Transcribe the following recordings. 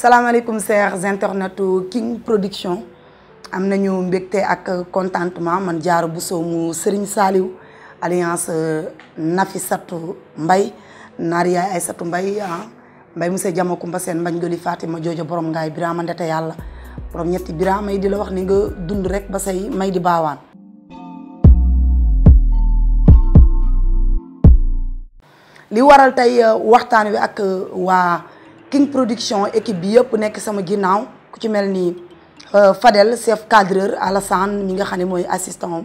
Assalamualaikum chers internautes King Production amna ñu mbékté ak contentement man jaar bu mu Serigne Saliw alliance Nafisatu Mbay Nariya Aissatu Mbay ah, Mbay Moussa monsieur Mbassen Kumba Seen Goli Fatima Jojo borom ngaay Birama ndata Yalla borom ñetti Birama yi di la wax ni nga dund rek ba say may di baawaan li waral tay ah, waxtaan wi ak ah, wa King Production équipe bi yëpp nekk sama ginnaaw ku ci mel ni euh, Fadel chef cadreur Alassane mi nga xam ne mooy assistant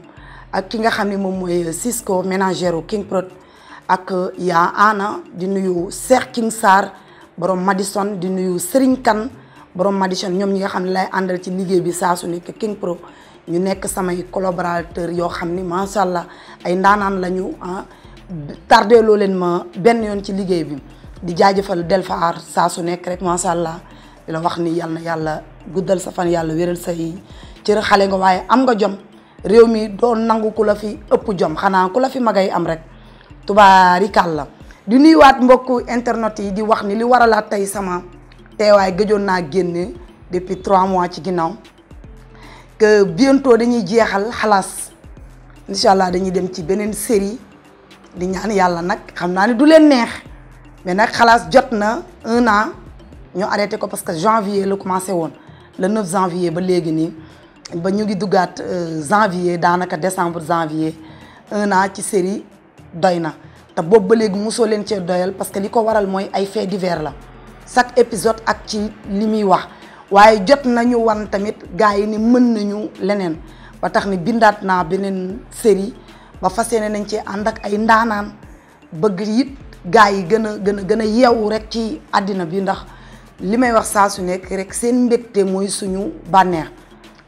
ak ki nga xam ne moom mooy euh, Cisco ménagère King Prod ak euh, yaa Ana di nuyu Cheikh King Sarr borom Madison di nuyu Serigne kan borom Madison ñoom ñi nga xam ne lay àndal ci liggéey bi saa su nekk King Pro ñu nekk samay collaborateur yoo xam ni macha allah ay ndaanaan la ñu ah tardé loo leen ma benn yoon ci liggéey bi. di jaajëfal Delfa Art saa su nek rek macha allah di wax ni yalla yalla guddal sa fan sa yi ci re xale nga waye am nga jom rew mi do nangou kula fi ëpp jom xana kula fi magay am rek tubarikalla di nuyuwaat mbokk internet yi di wax ni li tay sama teewaay gëjoon na genn depuis 3 mois ci ginnaw que bientôt dañuy jeexal xalaas inshallah dañuy dem ci benen série di ñaan yalla nak xamna ni du len neex. mais nag xalaas jot na un an ñu arrêté ko parce que janvier la commencé woon le 9 janvier ba léegi nii ba ñu ngi duggaat euh, janvier daanaka décembre janvier un an ci série doy na te boobu ba léegi mosoo leen cee doyal parce que li ko waral mooy ay faits divers la chaque épisode ak ci li muy wax waaye jot nañu wan tamit gars yi ni mën nañu leneen ba tax ni bindaat naa beneen série ba fas yéene nañ cee ànd ak ay ndaanaan bëgg it gars yi gën a gën a gën a yeewu rek ci àddina bi ndax li may wax saa su nekk rek seen mbégte mooy suñu bànneex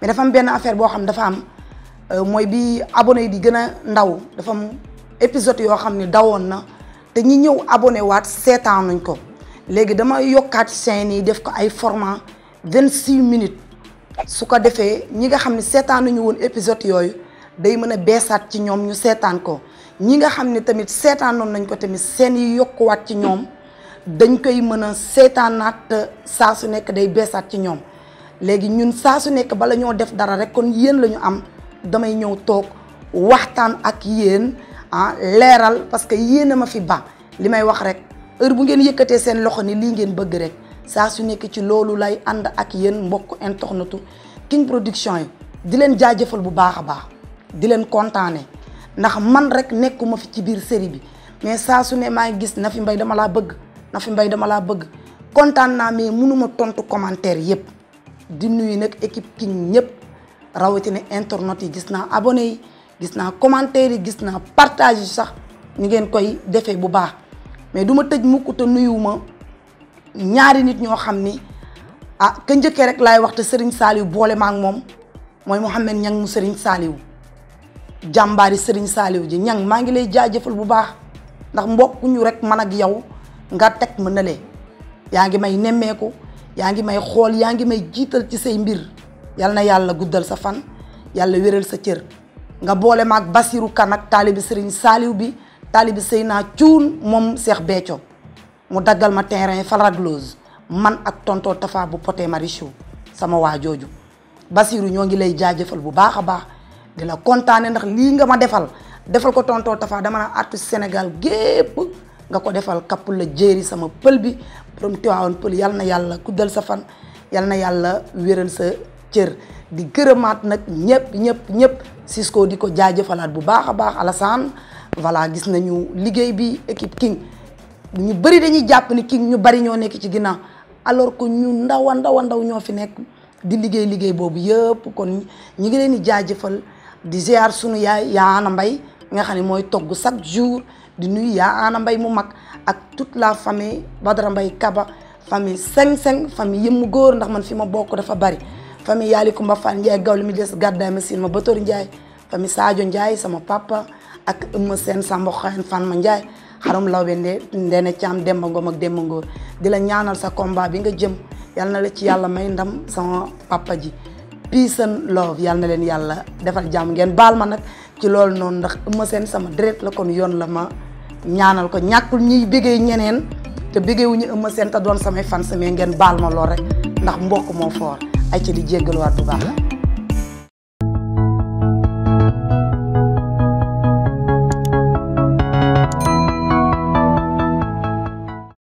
mais dafa am benn affaire boo xam ne dafa am euh, mooy bi abone yi di gën a ndaw dafa am épisode yoo xam ne dawoon na te ñi ñëw abonné waat seetaan nañ ko léegi dama yokkaat chaîne yi def ko ay format vingt six minutes su ko defee ñi nga xam ne seetaan nañu woon épisode yooyu day mën a beesaat ci ñoom ñu seetaan ko ñi nga xam ne tamit seetaanoon nañ ko tamit seen yi yokkuwaat ci ñoom dañ koy mën a seetaanaat saa su nekk day beesaat ci ñoom léegi ñun saa su nekk bala ñoo def dara rek kon yéen la ñu am damay ñëw toog waxtaan ak yéen ah leeral parce que yéen a ma fi ba li may wax rek heure bu ngeen yëkkatee seen loxo ni lii ngeen bëgg rek saa su nekk ci loolu lay ànd ak yéen mbokk internetu King Production yi di leen jaajëfal bu baax a baax di leen kontaane ndax man rek nekkuma fi ci biir série bi mais saa su ne maa ngi gis na fi mbay dama laa bëgg na fi mbay dama laa bëgg kontaan naa mais mënuma tontu commentaire yëpp di nuyu nag équipe King ñëpp rawatina internet yi gis naa abonné yi gis naa commentaire yi gis naa partage yi sax ñu ngeen koy defee bu baax mais du ma tëj mukk te nuyuwuma ñaari nit ñoo xam ni ah ka njëkkee rek laay wax te Serigne Saliou boole ma ak moom mooy Mouhamed ñang mu Serigne Saliou jàmbaari Serigne saaliw ji ñang maa ngi lay jaajëfal bu baax ndax mbokkuñu rek man ak yow nga teg ma nële yaa ngi may nemmeeku yaa ngi may xool yaa ngi may jiital ci say mbir yal na yàlla guddal sa fan yàlla wéral sa cër nga boole ma ak Basirou Kane ak taalibi Serigne Saliou bi taalibi naa Cuun moom seex Béthio mu daggal ma terrain Faraglose man ak tontoo Tafa bu Poté Marichou sama waa jooju Basirou ñoo ngi lay jaajëfal bu baax a baax. di la kontaane ndax lii nga ma defal defal ko tontoo Tafa dama naa artiste Sénégal gépp nga ko defal kapp la jéeri sama pël bi borom Tiwaawan pël yal na yàlla guddal sa fan yal na yàlla wéral sa cër di gërëmaat nag ñëpp ñëpp ñëpp Cisco di ko jaajëfalaat bu baax a baax Alassane voilà gis nañu liggéey bi équipe King ñu bëri dañuy jàpp ni King ñu bari ñoo nekk ci ginnaaw alors que ñu ndaw a ndaw ndaw ñoo fi nekk di liggéey liggéey boobu yëpp kon ñi ngi jaajëfal di ziar sunu yaay yaa mbay nga xam ne mooy togg chaque jour di nuyu yaa mbay mu mag ak toute la famille Badara Mbay Kaba famille cinq cinq famille yëmmu góor ndax man fi ma bokk dafa bari famille yaali Kumba Fall Ndiaye gawli mi des gàddaay ma siin ma Batoor Ndiaye famille Sadio Ndiaye sama papa ak ëmma seen Samba Xayen fan ma Ndiaye xarum law be nde ndeene Demba Ngom ak Demba Ngóor di la ñaanal sa combat bi nga jëm yàlla na la ci yàlla may ndam sama papa ji peace and love yàlla na leen yàlla defal jàmm ngeen baal ma nag ci loolu noonu ndax ëmma seen sama deret la kon yoon la ma ñaanal ko ñàkkul ñuy bégee ñeneen te bégewuñu ëmma seen te doon samay fans mais ngeen baal ma lool rek ndax mbokk moo foor ay ci di jéggaluwaat bu baax